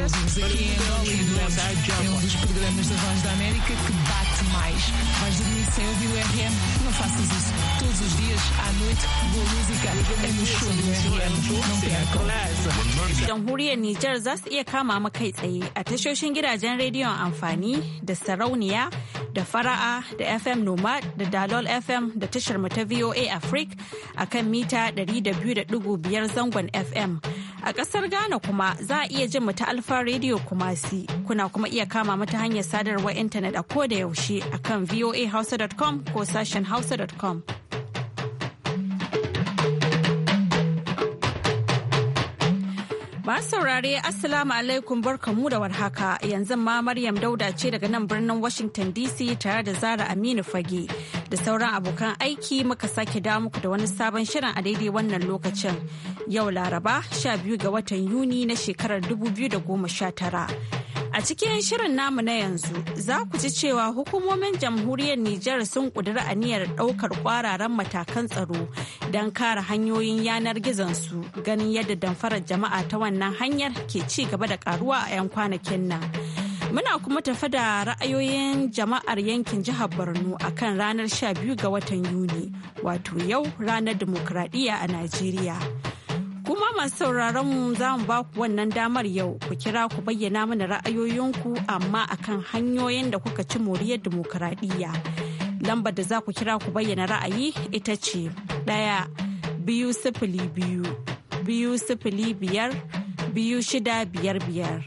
aqui em Hollywood. É um dos programas da Voz da América que bate mais. Vais dormir sem ouvir o RM? Não faças isso. Todos os dias, à noite, boa música é no show do RM. Não percam. Jamhuriyar Nijar za su iya kama mu kai tsaye a tashoshin gidajen rediyon amfani da sarauniya da fara'a da FM Nomad, da Dalol FM da tashar mu ta VOA Africa a kan mita 200.5 zangon FM. A ƙasar Ghana kuma za a iya jin mu ta Alfa Radio Kumasi. Kuna kuma iya kama mata hanyar sadarwar intanet a koda yaushe akan voahausa.com ko sashen hausa.com. Ba saurare Assalamu alaikum barkamu da warhaka yanzu ma Maryam Dauda ce daga nan birnin Washington DC tare da Zara Aminu Fage da sauran abokan aiki muka sake muku da wani sabon shirin a daidai wannan lokacin. Yau Laraba 12 ga watan Yuni na shekarar 2019. A cikin shirin namu na yanzu za ku ji cewa hukumomin jamhuriyar Nijar sun ƙudiri aniyar ɗaukar ƙwararan matakan tsaro don kare hanyoyin yanar gizonsu ganin yadda damfarar jama'a ta wannan hanyar ke ci gaba da karuwa a 'yan kwanakin nan. Muna kuma tafi da ra'ayoyin jama'ar yankin jihar Borno a kan ranar 12 ga watan Yuni, wato yau ranar dimokuraɗiyya a Najeriya. Kuma masu sauraron mu za mu ba ku wannan damar yau ku kira ku bayyana mana ra'ayoyinku amma akan hanyoyin da kuka ci moriyar dimokuraɗiyya. Lambar da za ku kira ku bayyana ra'ayi ita ce ɗaya biyu sifili biyu biyu sifili biyar biyu shida biyar biyar.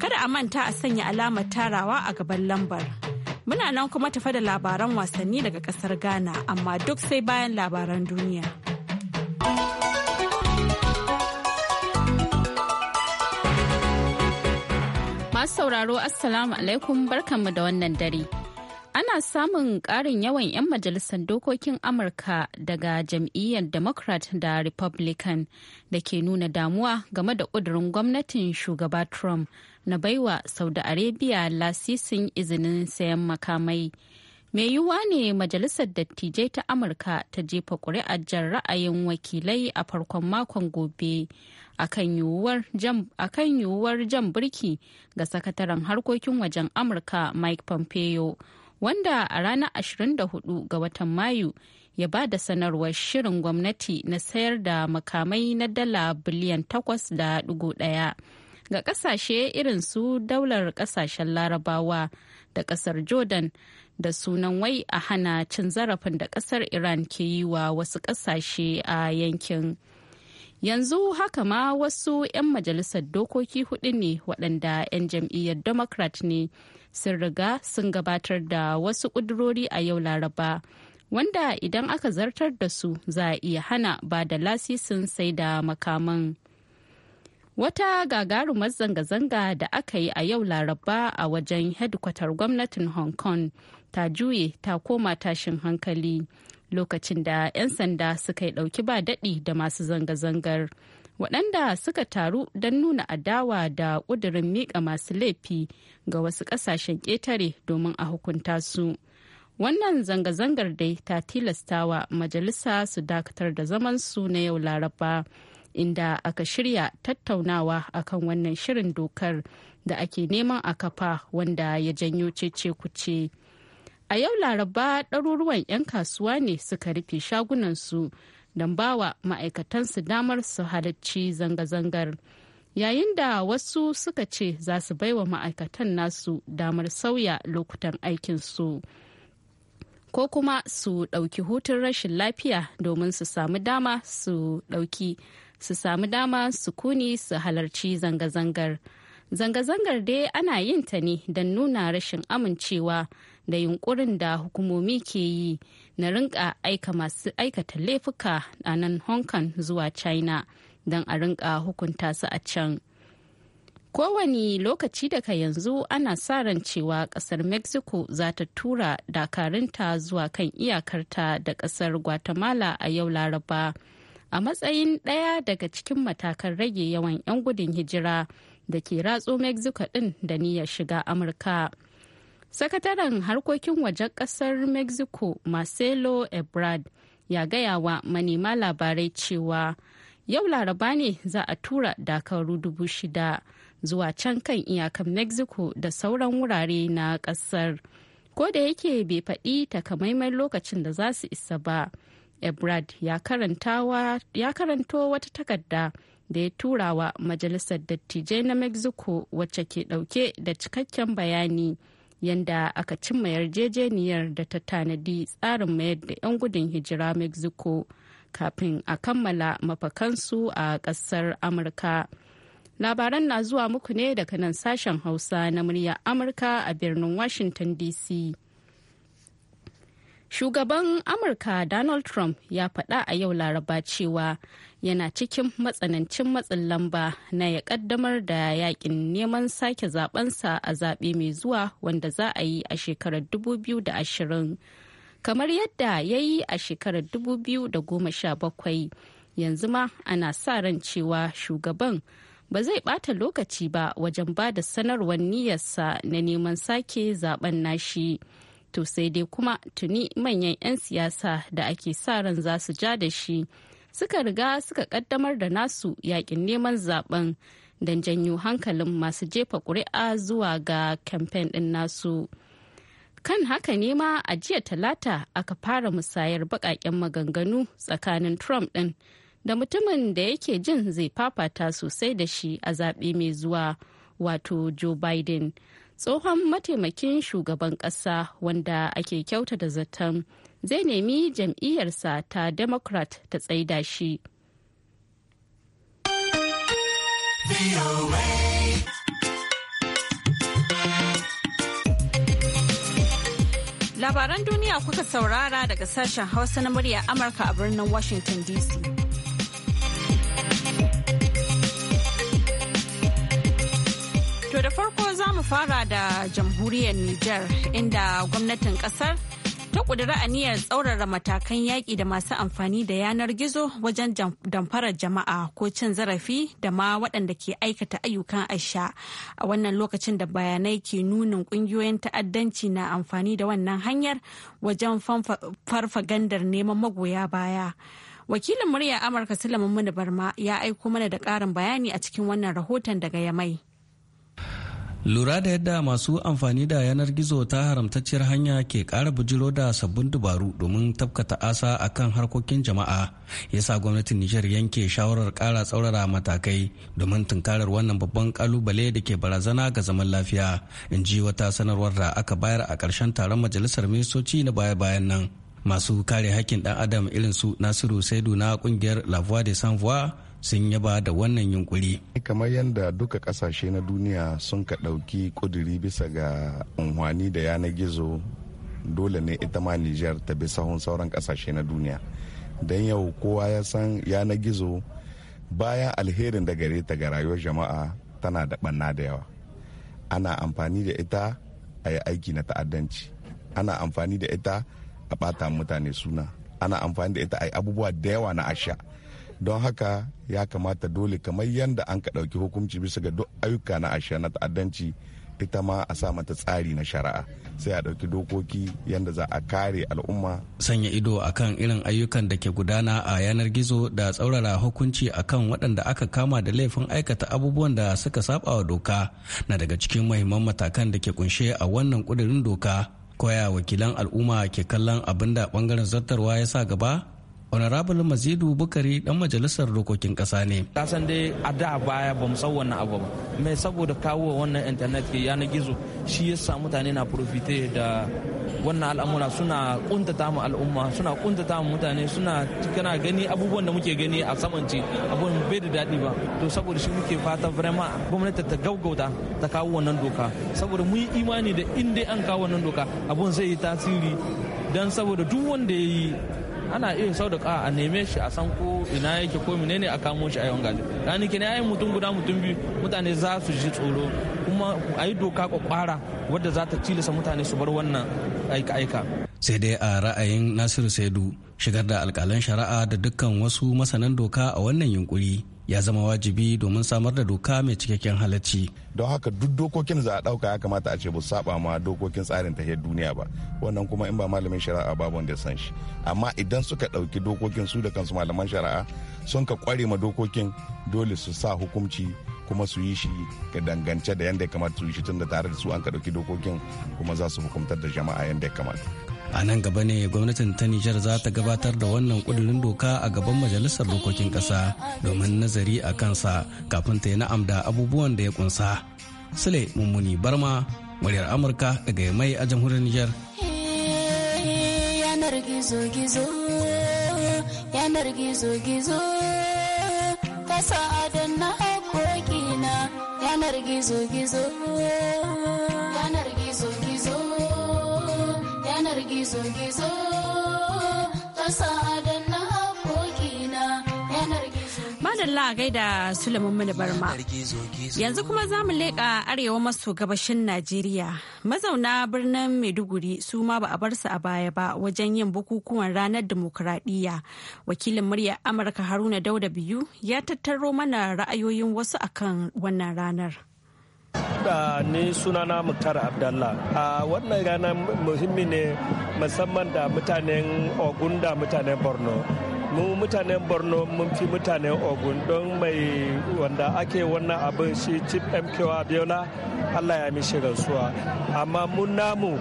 Kada a manta a sanya alamar tarawa a gaban lambar. Muna nan kuma tafa da labaran wasanni daga ƙasar Ghana amma duk sai bayan labaran duniya. Masu sauraro Assalamu alaikum barkanmu da wannan dare. Ana samun ƙarin yawan 'yan majalisar dokokin Amurka daga jam'iyyar Democrat da Republican da ke nuna damuwa game da ƙudurin gwamnatin shugaba Trump na baiwa Saudi Arabia lasisin izinin sayan makamai. mai yiwuwa ne majalisar dattijai ta amurka ta jefa kuri'ar jan ra'ayin wakilai a farkon makon gobe a kan yiwuwar jan birki ga sakataren harkokin wajen amurka mike pompeo wanda a ranar 24 ga watan mayu ya ba da sanarwar shirin gwamnati na sayar da makamai na dala biliyan 8.1 ga kasashe irin su daular kasashen larabawa da kasar jordan da sunan wai a hana cin zarafin da kasar iran ke yi wa wasu kasashe a yankin yanzu haka ma wasu 'yan majalisar dokoki hudu ne waɗanda 'yan jam'iyyar democrat ne sun riga sun gabatar da wasu ƙudurori a yau laraba wanda idan aka zartar da su za a iya hana ba da lasisin sai da makaman Wata gagarumar zanga-zanga da aka yi a yau Laraba a wajen hedkwatar gwamnatin Hong Kong ta juye ta koma tashin hankali lokacin da 'yan sanda suka yi ɗauki ba daɗi da masu zanga-zangar. waɗanda suka taru don nuna adawa da ƙudurin miƙa masu laifi ga wasu ƙasashen ƙetare domin a hukunta su. Wannan zanga-zangar dai ta tilastawa majalisa su dakatar da zamansu na yau laraba inda aka shirya tattaunawa akan wannan shirin dokar da ake neman a kafa wanda ya janyo cece kuce a yau laraba ɗaruruwan 'yan kasuwa ne suka rufe shagunansu don bawa ma'aikatansu damar su halarci zanga-zangar yayin da wasu suka ce za su baiwa ma'aikatan nasu damar sauya lokutan aikinsu ko kuma su ɗauki hutun rashin lafiya domin su samu dama su ɗauki su sami dama su kuni su halarci zanga-zangar. Zanga-zangar dai ana yin ta ne don nuna rashin amincewa da yunkurin da hukumomi ke yi na rinka aika masu aikata laifuka a nan Hong Kong zuwa China don a rinka hukunta su a can. Kowane lokaci daga yanzu ana sa ran cewa kasar Mexico za ta tura dakarunta zuwa kan iyakarta da kasar Guatemala a yau Laraba. a matsayin ɗaya daga cikin matakan rage yawan 'yan gudun hijira da ke ratso mexico ɗin da niyyar shiga amurka sakataren harkokin wajen ƙasar mexico marcelo ebrard ya gaya wa manema labarai cewa yau laraba ne za a tura dakaru dubu shida zuwa can kan iyakan mexico da sauran wurare na ƙasar ko da yake bai faɗi takamaiman lokacin da za su isa ba. ebrard ya karanto wata takarda da ya tura wa majalisar dattijai na mexico wacce ke dauke da cikakken bayani yadda aka cimma yarjejeniyar da ta tanadi tsarin mayar da 'yan gudun hijira mexico kafin a kammala mafakansu a ƙasar amurka labaran na zuwa muku ne daga nan sashen hausa na murya amurka a birnin washington dc Shugaban Amurka Donald Trump ya faɗa a yau Laraba cewa yana cikin matsanancin matsin lamba na ya ƙaddamar da yakin neman sake zabensa a zaɓe mai zuwa wanda za a yi a shekarar 2020. Kamar yadda ya yi a shekarar 2017 yanzu ma ana sa ran cewa shugaban ba zai ɓata lokaci ba wajen ba da sanarwar niyyarsa na neman sake zaben nashi. to sai dai kuma tuni manyan 'yan siyasa da ake sa ran za su ja da shi suka riga suka kaddamar da nasu yakin neman zaben don janyo hankalin masu jefa ƙuri'a zuwa ga kamfen ɗin nasu kan haka ne ma a jiya talata aka fara musayar baƙaƙen maganganu tsakanin trump ɗin da mutumin da yake jin zai fafata sosai da shi a zaɓe mai zuwa wato joe biden tsohon mataimakin shugaban ƙasa wanda ake kyauta da zaton zai nemi jam'iyyarsa ta democrat ta tsaida shi. Labaran duniya kuka saurara daga sashen Hausa na murya Amurka a birnin Washington DC. To da farko mu fara da jamhuriyar Nijar inda gwamnatin kasar ta kudura aniyar tsaurara matakan yaƙi da masu amfani da yanar gizo wajen damfarar jama'a ko cin zarafi da ma waɗanda ke aikata ayyukan asha a wannan lokacin da bayanai ke nunin ƙungiyoyin ta'addanci na amfani da wannan hanyar wajen farfagandar neman magoya baya wakilin murya amurka sulaiman muni barma ya aiko mana da ƙarin bayani a cikin wannan rahoton daga yamai lura da yadda masu amfani da yanar gizo ta haramtacciyar hanya ke ƙara bujiro da sabbin dubaru domin tafkata asa a kan harkokin jama'a ya sa gwamnatin nijar yanke shawarar ƙara tsaurara matakai domin tunkarar wannan babban kalubale da ke barazana ga zaman lafiya in ji wata sanarwar da aka bayar a ƙarshen taron majalisar ministoci na baya-bayan nan masu kare hakkin ɗan adam irin su nasiru saidu na ƙungiyar la voix de sans voix sun yaba da wannan yunkuri. kamar yadda duka kasashe na duniya sun ka ɗauki ƙuduri bisa ga unhwani da yanar gizo dole ne ita ma nijar ta bi sahun sauran kasashe na duniya don yau kowa ya san yanar gizo bayan alherin da gare ta ga rayuwar jama'a tana da ɓanna da yawa ana amfani da ita a yi aiki na ta'addanci ana amfani da ita a bata mutane suna ana amfani da ita a yi abubuwa da yawa na asha don haka ya kamata dole kamar yadda an ka ɗauki hukunci bisa ga duk ayyuka na ashe na ta'addanci ita ma a sa mata tsari na shari'a sai a ɗauki dokoki yadda za a kare al'umma. Sanya ido a kan irin ayyukan da ke gudana a yanar gizo da tsaurara hukunci a kan waɗanda aka kama da laifin aikata abubuwan da suka saba wa doka na daga cikin mahimman matakan da ke kunshe a wannan ƙudurin doka. Koya wakilan al'umma ke kallon abin da ɓangaren zartarwa ya sa gaba? honorable mazidu bukari dan majalisar dokokin kasa ne kasan dai a da baya ba san wannan abu ba mai saboda kawo wannan internet ke yana gizo shi ya sa mutane na profite da wannan al'amura suna kuntata mu al'umma suna kuntata mu mutane suna kana gani abubuwan da muke gani a samanci abun bai da dadi ba to saboda shi muke fata vraiment gwamnati ta gaugauta ta kawo wannan doka saboda mun yi imani da in dai an kawo wannan doka abun zai yi tasiri dan saboda duk wanda ya yi ana iya ƙa a neme shi a san ko ina yake ko menene a kamo shi a yawan gaji rani ya yi mutum guda mutum biyu mutane za su ji tsoro kuma a yi doka kwakwara wadda za ta tilasta mutane su bar wannan aika-aika sai dai a ra'ayin nasiru saidu shigar da alkalan shari'a da dukkan wasu masanan doka a wannan yunkuri ya zama wajibi domin samar da doka mai cikakken halacci don haka duk dokokin za a dauka ya kamata a ce ba saba ma dokokin tsarin ta duniya ba wannan kuma in ba malamin shari'a ba wanda ya san shi amma idan suka dauki dokokin su da kansu malaman shari'a sun ka kware ma dokokin dole su sa hukunci kuma su yi shi ga dangance da yanda ya kamata su yi shi tun da tare da su an ka dauki dokokin kuma za su hukumtar da jama'a yanda ya kamata a nan gaba ne gwamnatin ta nijar za ta gabatar da wannan kudurin doka a gaban majalisar dokokin kasa domin nazari a kansa kafin ta yi na'am da abubuwan da ya kunsa sule mummuni barma muryar amurka daga mai a jamhuriyar nijar yanar gizo-gizo yanar gizo-gizo kasa adana haƙoƙina yanar gizo-gizo yanar gizo gizo-gizo ƙasa da na gaida Barma. Yanzu kuma za mu leƙa arewa maso gabashin Najeriya. Mazauna birnin Maiduguri su ma ba a bar su a baya ba wajen yin bukukuwan ranar dimokuraɗiyya. Wakilin Murya Amurka Haruna Dauda biyu ya tattaro mana ra'ayoyin wasu akan wannan ranar. da ni sunana muktar abdallah a wannan rana muhimmi ne musamman da mutanen ogun da mutanen borno mu mutanen borno mun fi mutanen ogun don mai wanda ake wannan abin shi chief mko abiola allah ya mishi rasuwa amma mun namu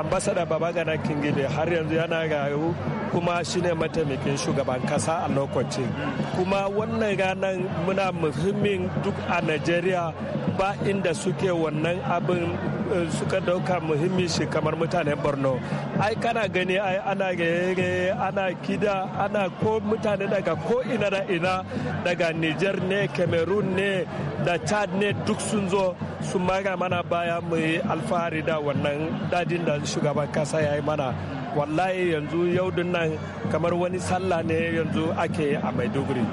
ambasada babagana kingide har yanzu yana rayu kuma shine mataimakin shugaban kasa a lokacin kuma wannan ranar muna muhimmin duk a nigeria ba inda suke wannan abin eh, suka dauka muhimmi shi kamar mutanen borno ai kana gani ai ana gere ana kida ana ko mutane daga ko ina da ina daga niger ne cameroon ne da chad ne duk sun zo su mara mana baya mu yi alfahari da wannan dadin da shugaban kasa ya yi mana wallahi yanzu yau nan kamar wani sallah ne yanzu ake a maiduguri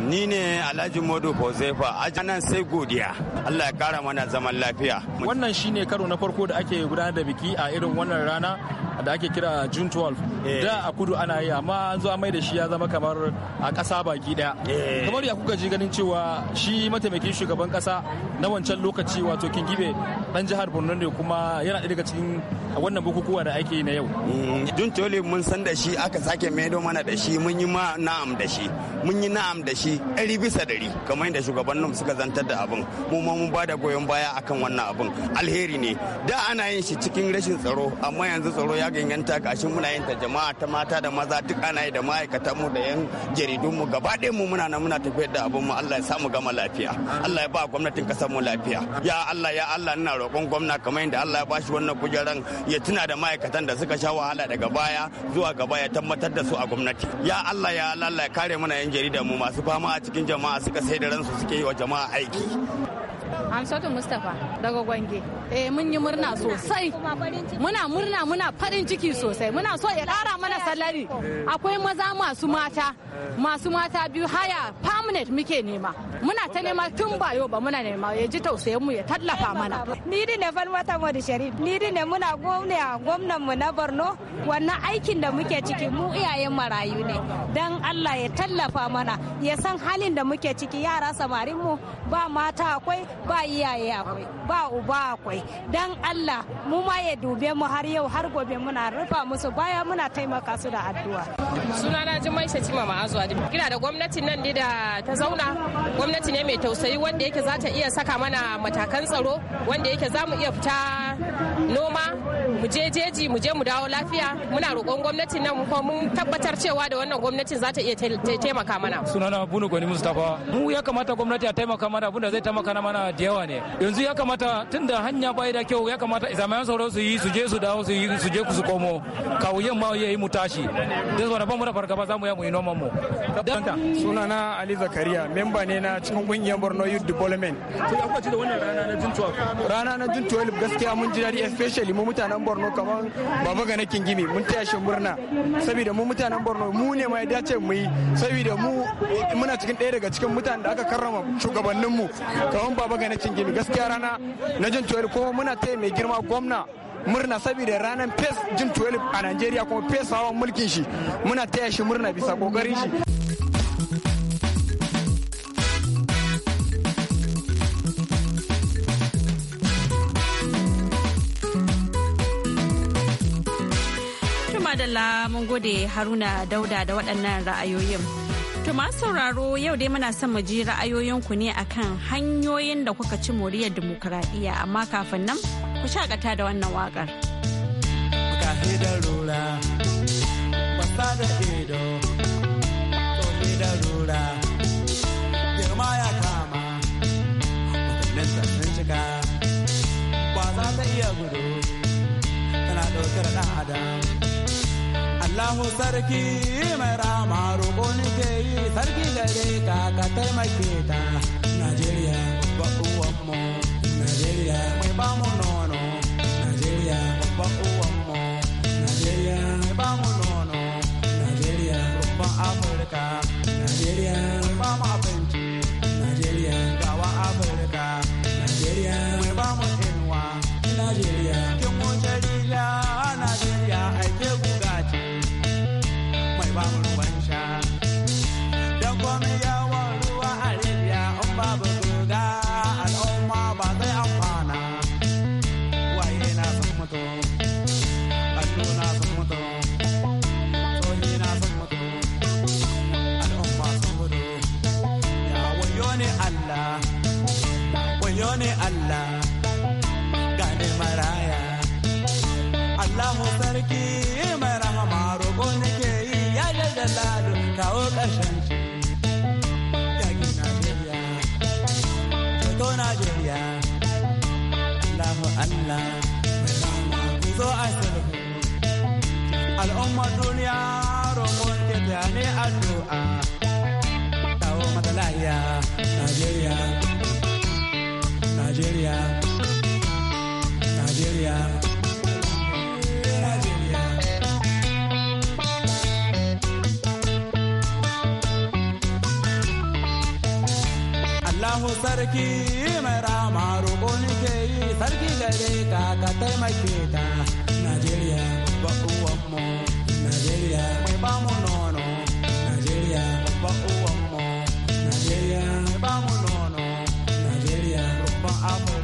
Ni ne Alhaji Modu Hosefa, ajanan sai godiya. Allah ya kara mana zaman lafiya. Wannan shine karo na farko da ake gudanar da biki a irin wannan rana da ake kira June 12. Eh. Da a kudu ana yi amma an zo mai da shi ya zama kamar a kasa baki daya. Eh. Kamar ya kuka ji ganin cewa shi mataimakin shugaban kasa na wancan lokaci wato gibe dan jihar Borno ne kuma yana daga cikin wannan bukukuwa da ake na yau. Mm, June 12 mun san da shi aka sake maido mana da shi mun yi ma na'am da shi. Mun yi na'am da shi. shi ɗari bisa ɗari kamar yadda shugabannin suka zantar da abin mu ma mun bada goyon baya akan wannan abin alheri ne da ana yin shi cikin rashin tsaro amma yanzu tsaro ya ganganta gashin muna yin ta jama'a ta mata da maza duk ana yi da ma'aikata mu da yan jaridun mu gaba mu muna nan muna tafiyar da abin mu Allah ya samu gama lafiya Allah ya ba gwamnatin kasar mu lafiya ya Allah ya Allah ina roƙon gwamna kamar yadda Allah ya bashi wannan kujeran ya tuna da ma'aikatan da suka sha wahala daga baya zuwa gaba ya tabbatar da su a gwamnati ya Allah ya Allah ya kare mana yan jarida mu masu rayuwa a cikin jama'a suka sai da ransu suke yi wa jama'a aiki Hamsatu Mustapha daga Gwange. Eh mun yi murna sosai. Muna murna muna farin ciki sosai. Muna so ya ƙara mana salari. Akwai maza masu mata. Masu mata biyu haya permanent muke nema. Muna ta nema tun ba yau ba muna nema ya ji tausayin mu ya tallafa mana. Ni din ne Falmata Modi Sharif. Ni din ne muna gwamna gwamnan mu na Borno. Wannan aikin da muke ciki mu iyayen marayu ne. Dan Allah ya tallafa mana ya san halin da muke ciki yara samarin mu ba mata akwai ba iyaye akwai ba uba akwai dan Allah mu ma ya dube mu har yau har gobe muna rufa musu baya muna taimaka su da addu'a sunana Jumaisha Cima Ma'azu Adi kina da gwamnatin nan da ta zauna gwamnati ne mai tausayi wanda yake za ta iya saka mana matakan tsaro wanda yake za mu iya fita noma mu je jeji mu je mu dawo lafiya muna roƙon gwamnatin nan ko mun tabbatar cewa da wannan gwamnatin za ta iya taimaka mana sunana bunu goni mustafa mu ya kamata gwamnati a taimaka mana abinda zai taimaka mana da yawa ne yanzu ya kamata tunda hanya bai da kyau ya kamata izamayan sauro su yi su je su dawo su yi su je su komo kawo yin ma yayi mu tashi da zuwa ban mu da fargaba za mu yi mu yi noman mu sunana ali zakariya memba ne na cikin kungiyar borno youth development to ya kwaci da wannan rana na jun rana na jun 12 gaskiya mun ji dadi especially mu mutanen borno kamar baba ga nakin gimi mun taya shi murna saboda mu mutanen borno mu ne ma ya dace mu yi saboda mu muna cikin ɗaya daga cikin mutanen da aka karrama shugabanninmu kamar baba ga nakin gimi gaskiya rana na jin tuwari kuma muna taya mai girma gwamna murna saboda ranar fes jin tuwali a nigeria kuma fes hawan mulkin shi muna taya shi murna bisa kokarin shi Allah mun gode haruna dauda da waɗannan ra'ayoyin. To masu sauraro yau dai muna son mu ji ra'ayoyinku ne akan hanyoyin da kuka ci moriyar dimokuraɗiyya amma kafin nan ku shakata da wannan waƙar. Allahu sarki mai rama roƙon ke yi sarki gare ka ka taimake ta Najeriya babban uwanmu Najeriya mai ba mu nono Najeriya babban uwanmu Najeriya mai ba mu nono Najeriya babban Afirka Najeriya problem. Allahu sarki mai rama roƙo nike yi sarki gare ka ka taimake ta Najeriya ba uwanmu Najeriya mai bamu nono Najeriya ba uwanmu Najeriya mai bamu nono Najeriya roƙon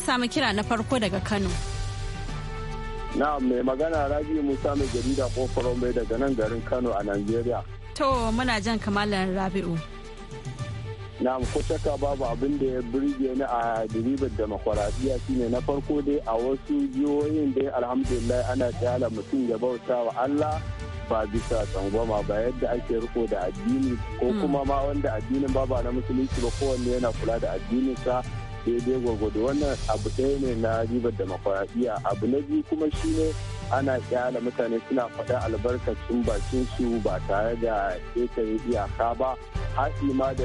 samu kira na farko daga Kano. Na mai magana Rabi Musa mai jarida kofarau mai daga nan garin Kano a Najeriya. To muna jan kamalan Rabi'u. Na ko shaka babu abin da ya birge ni a diribar demokwaradiya shine na farko dai a wasu jihohin dai alhamdulillah ana jala mutum ya bauta wa Allah ba bisa tsangwama ba yadda ake riko da addini ko hmm. kuma ma wanda addinin ba ba na musulunci ba kowanne yana kula da addinin addininsa daidai gwagwado wannan abu ɗaya ne na ribar demokuraɗiyya abu na biyu kuma shine ana kyala mutane suna faɗa albarkacin bakin su ba tare da ƙetare iyaka ba har ma da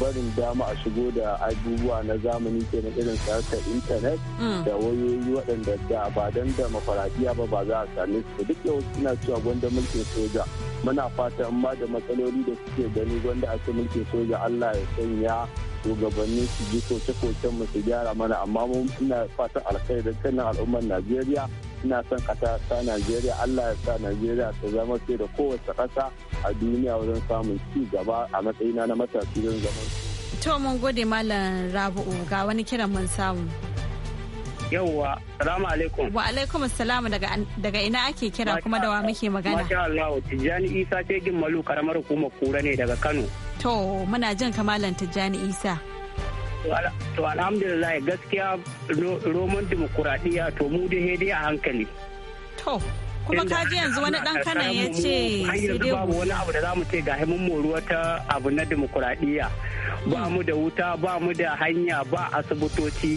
barin dama a shigo da abubuwa na zamani ke na irin sarkar intanet mm. da wayoyi waɗanda da ba don demokuraɗiyya ba ba za a sami su duk da wasu suna cewa gwanda mulkin soja muna fatan ma da matsaloli da suke gani gwanda a mulkin soja Allah ya sanya shugabannin su ji koke-koken mu su gyara mana amma mu ina fatan alkai da kanin al'ummar najeriya ina son kasa ta najeriya allah ya sa najeriya ta zama ce da kowace kasa a duniya wajen samun ci gaba a matsayina na matashi don zaman to mun gode malam rabu'u ga wani kiran mun samu yauwa salamu alaikum wa alaikum assalam daga ina ake kira kuma da wa muke magana masha Allah Tijjani Isa ce gin malu karamar hukumar kura ne daga Kano To muna jin kamalan Tijjani Isa. To alhamdulillah gaskiya roman dimokuraɗiyya to mu dai dai a hankali. To kuma ka ji yanzu wani dan kanan ya ce sai babu wani abu da za mu ce ga himin moruwa ta abu na dimokuraɗiyya ba hmm. mu da wuta ba mu da hanya ba asibitoci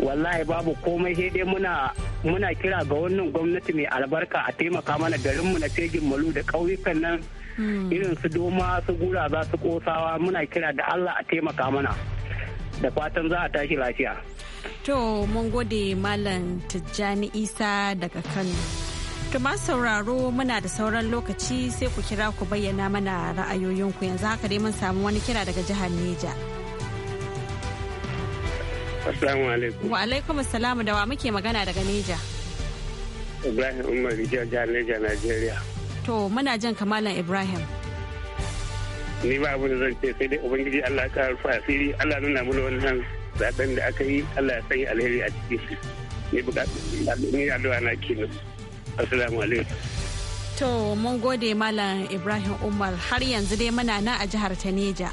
wallahi babu komai sai dai muna muna kira ga wannan gwamnati mai albarka a taimaka mana garinmu na cegin malu da ƙauyukan nan Hmm. irin su doma su gura za su kosawa muna kira da allah a taimaka mana da fatan za a tashi lafiya to mun gode malam tijjani isa daga kano to masu sauraro muna da sauran lokaci sai ku kira ku bayyana mana ra'ayoyinku yanzu haka dai mun samu wani kira daga jihar neja Wa alaikum salamu da wa muke magana daga Neja. Ibrahim Umar Jihar Neja, Najeriya. To muna jan kamalan Ibrahim. Ni ba abin da zan ce sai dai Ubangiji Allah ya kawo asiri Allah nuna mana wannan zaben da aka yi Allah ya sanya alheri a cikin shi. Ni bukatu ni addu'a na kino Assalamu alaikum. To mun gode Malam Ibrahim Umar har yanzu dai muna nan a jihar Taneja.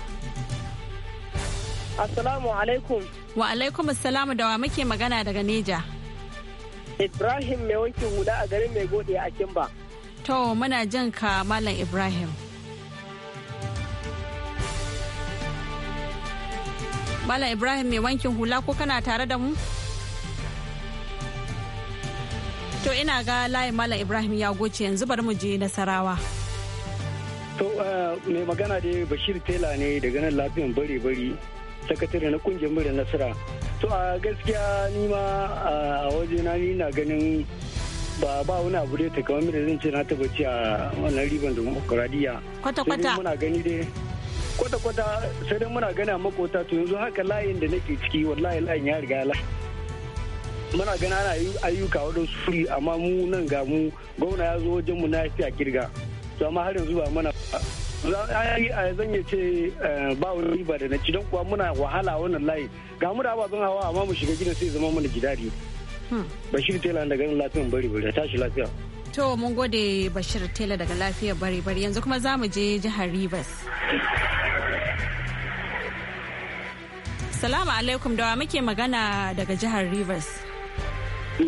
Assalamu alaikum. Wa alaikum assalamu da wa muke magana daga Neja. Ibrahim mai wankin huda a garin mai gode a Kimba. To muna jan ka Malam Ibrahim. Malam Ibrahim mai wankin hula ko kana tare da mu? To ina ga layin Malam Ibrahim ya goce yanzu bari mu je Nasarawa. To uh, mai magana da Bashir Tela ne daga nan lafiyan bare-bari sakatare na kungiyar mura nasara. To a gaskiya ni ma a waje na ni na ganin ba ba wani abu dai takamaiman da zan ce na taba ci a wannan riban demokuraɗiyya. Kwata-kwata. muna gani dai kwata-kwata sai dai muna gani a makota to yanzu haka layin da nake ciki wallahi layin ya riga la. Muna gani ana ayyuka waɗansu furi amma mu nan ga mu gwamna ya zo wajen mu na ya kirga. To amma har yanzu ba mana zan iya ce eh, ba wani riba da na ci don kuwa muna wahala wannan layi ga mu da ababen hawa amma mu shiga gidan sai zama mana gidari. bashir tela daga lafiyan bari bari tashi lafiya to mun gode bashir tela daga lafiyar bari bari yanzu kuma za mu je jihar rivers salamu alaikum dawa muke magana daga jihar rivers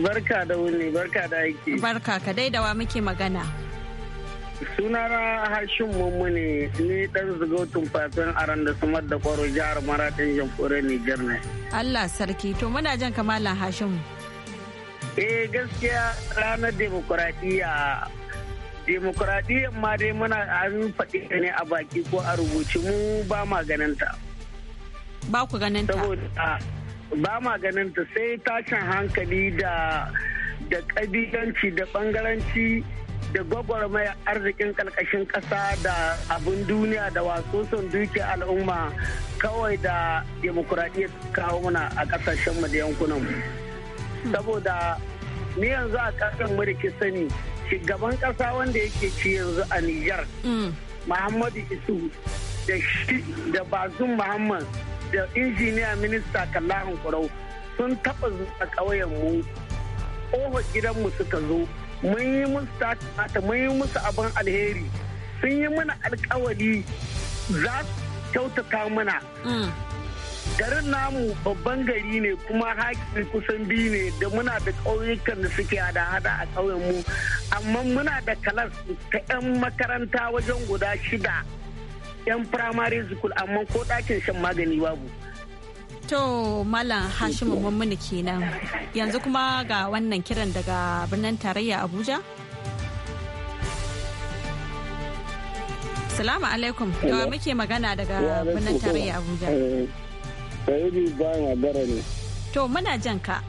barka da wuni barka da aiki barka ka dai dawa muke magana sunana harshen mummu ne ni dan zugotun tumfafin aran da sumar da kwaro jihar maratin jamhuriyar niger ne allah sarki to muna jan kamalan Harshen mu eh gaskiya ranar demokuraɗiyya demokuraɗiyyar ma dai muna an faɗi ne a baki ko a rubuce mu ba ma ganinta ba ku ganinta saboda ah, ba ma ganinta sai tashin hankali da da ƙabilanci da ɓangaranci da gwagwarmaya arzikin ƙarƙashin ƙasa da abin duniya da wasoson duke al'umma kawai da demokuraɗiyyar kawo mana a ƙasashenmu da yankunan mu. saboda ni yanzu a ƙasar mulki sani shugaban ƙasa wanda yake ci yanzu a Nijar mm. Muhammadu Isu da shi da Bazum Muhammad da injiniya minista Kallahan Kurau sun taɓa zuwa ƙauyen mu gidan gidanmu suka zo mun yi musu takamata mun yi musu abin alheri sun yi mana alkawari za su kyautata mana mm. garin namu babban gari ne kuma haƙi kusan biyu ne da muna da ƙauyukan da suke hada hada a ƙauyen mu amma muna da kalas ta 'yan makaranta wajen guda shida 'yan primary school amma ko ɗakin shan magani babu to malam hashimu mummuni kenan yanzu kuma ga wannan kiran daga birnin tarayya abuja salamu alaikum yawa muke magana daga birnin tarayya abuja eh, Sayidi bayan agara ne. To muna jan ka.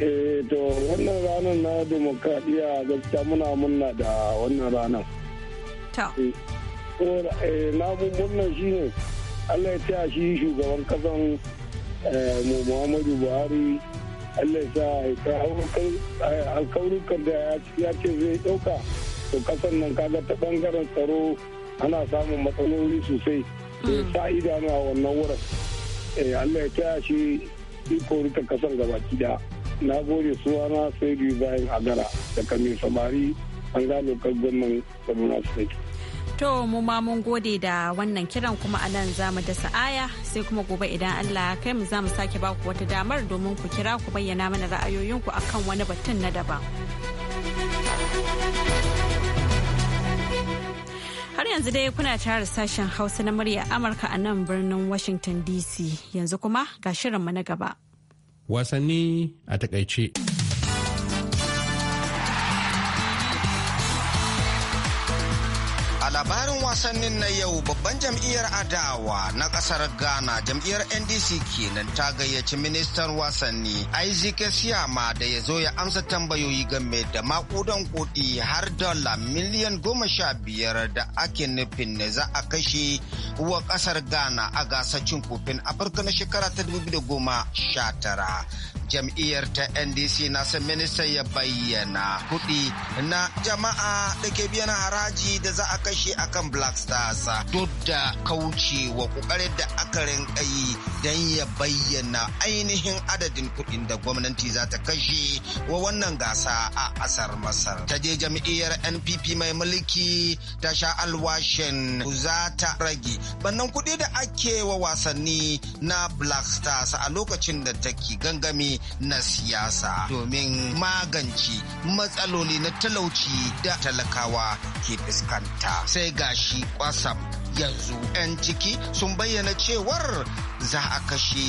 Eh to wannan ranar na demokradiyya gaskiya muna murna da wannan ranar. Ta. Eh, eh, na murnan shi ne Allah ya taya shi shugaban kasan eh, mu Muhammadu Buhari Allah ya sa alkawurukan da ya ce zai ɗauka to kasan nan kaga ta bangaren tsaro ana samun matsaloli sosai. Ya mm. sa idanu a wannan wurin. Eh, Allah ya taya shi iko rika kasar gabaki da na gode na sai bayan agara daga mai samari an gano gwamnan kaduna state To mu ma mun gode da wannan kiran kuma a nan za mu dasa aya sai kuma gobe idan Allah ya kai mu za mu sake baku wata damar domin ku kira ku bayyana mana ra'ayoyinku akan wani batun na daban. Har yanzu dai kuna tare sashen Hausa na murya Amurka a nan birnin Washington DC yanzu kuma ga shirinmu na gaba. Wasanni a takaice. wasannin na yau babban jam'iyyar adawa na kasar ghana jam'iyyar ndc kenan ta gayyaci ministan wasanni isaac siyama da ya zo ya amsa tambayoyi game da makudan kuɗi har dala miliyan goma sha biyar da ake nufin ne za a kashe wa kasar ghana a gasar cin kofin afirka na shekara ta dubu sha tara jam'iyyar ta ndc na san minista ya bayyana kuɗi na jama'a da ke biyan haraji da za a kashe akan black stars duk da kaucewa ƙoƙarin da aka rinka yi dan ya bayyana ainihin adadin kuɗin da gwamnati za ta kashe wa wannan gasa a asar masar ta je jam'iyyar npp mai mulki ta sha alwashin za ta rage bannan kuɗi da ake wa wasanni na black stars a lokacin da take gangami na siyasa domin magance matsaloli na talauci da talakawa ke fuskanta sai gashi kwasam yanzu 'yan ciki sun bayyana cewar za a kashe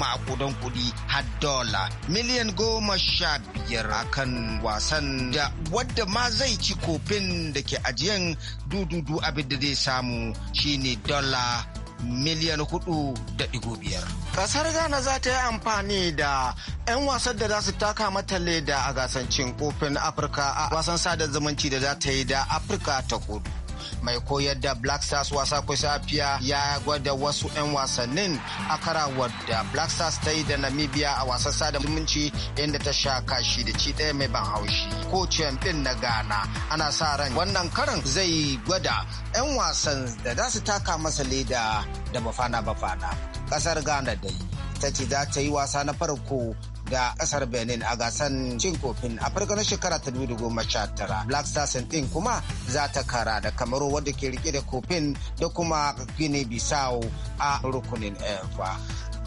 makudan kudi har dola miliyan goma sha biyar a kan wasan da wadda ma zai ci kofin da ke ajiyan dududu abin da zai samu shine dola miliyan hudu da digo biyar. Kasar Ghana za ta yi amfani da 'yan wasan da za su taka mata leda a gasancin kofin Afirka a wasan sada zumunci da za ta yi da Afirka ta kudu. mai koyar da black stars wasa safiya ya gwada wasu 'yan wasannin a karawar da black stars ta yi da namibia a wasan sada zumunci inda ta sha kashi da ci ɗaya mai ban haushi ko ɗin na ghana ana sa ran wannan karan zai gwada 'yan wasan da za su taka masa leda da bafana bafana ƙasar ghana dai ta ce za ta yi wasa na farko da kasar benin a gasan cin kofin a farko na shekara ta tara black stars din kuma za ta kara da kamaru wadda ke rike da kofin da kuma guinea bissau a rukunin EFA.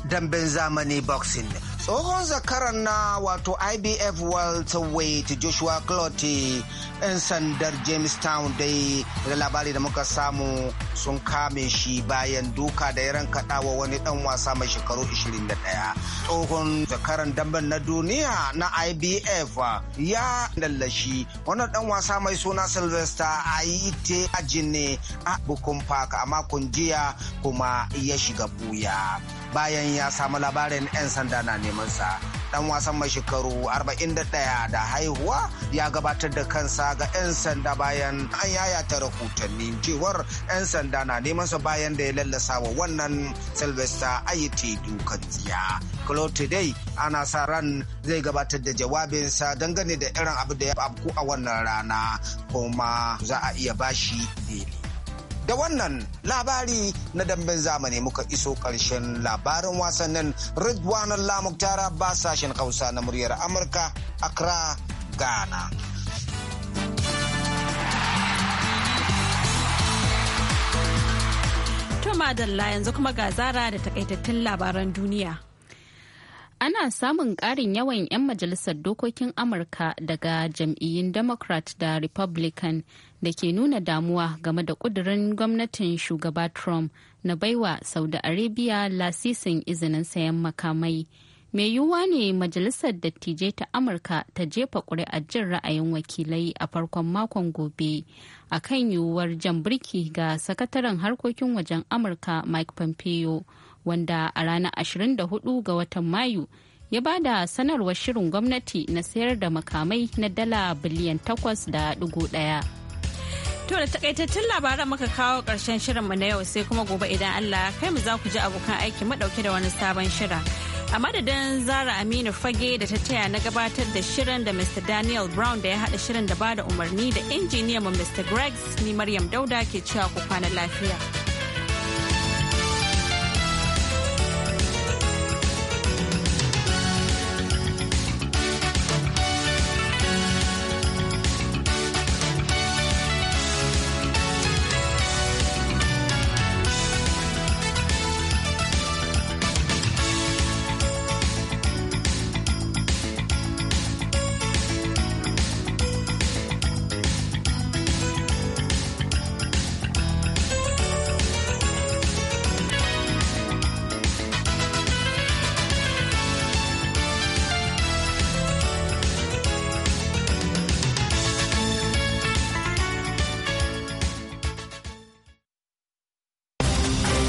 damben zamani boxing tsohon zakaran na wato ibf weight joshua clotty 'yan sandar jamestown dai da labari da muka samu sun kame shi bayan duka da ya rankaɗa wa wani ɗan wasa mai shekaru 21 tsohon zakaran damben na duniya na ibf ya lallashi wani ɗan wasa mai suna sylvester a aite ajine a bukun park a makon jiya kuma ya shiga buya bayan ya samu labarin 'yan sanda na neman sa. dan wasan mai shekaru 41 da haihuwa ya gabatar da kansa ga 'yan sanda bayan an yayata rahotanni cewar 'yan sanda na neman sa bayan da ya lallasa wa wannan sylvester ayiti dukan jiya today ana sa ran zai gabatar da jawabinsa dangane da irin abu da ya afku a wannan rana kuma za a iya bashi beli da wannan labari na damben zamani muka iso karshen labarin wasannin ridwan lamuktara ba sashen hausa na muryar amurka accra ghana To madalla yanzu kuma ga zara da takaitattun labaran duniya. ana samun ƙarin yawan 'yan majalisar dokokin amurka daga jam'iyyun democrat da republican da ke nuna damuwa game da ƙudurin gwamnatin shugaba trump na baiwa saudi arabia lasisin izinin sayan makamai mai yiwuwa ne majalisar dattijai ta amurka ta jefa ƙuri'ar jin ra'ayin wakilai a farkon makon gobe a kan yiwuwar jan birki ga sakataren harkokin wajen amurka mike pompeo wanda a ranar 24 ga watan mayu ya ba da sanarwar shirin gwamnati na sayar da makamai na dala biliyan 8.1 To da takaitattun labaran muka kawo karshen shirinmu na yau sai kuma gobe idan Allah kai mu za ku ji abokan aiki madauke da wani sabon shirin. a madadin zara aminu fage da ta taya na gabatar da shirin da mr daniel brown da ya haɗa shirin da bada umarni da injiniyan mr gregs ni maryam dauda ke cewa ku kwana lafiya.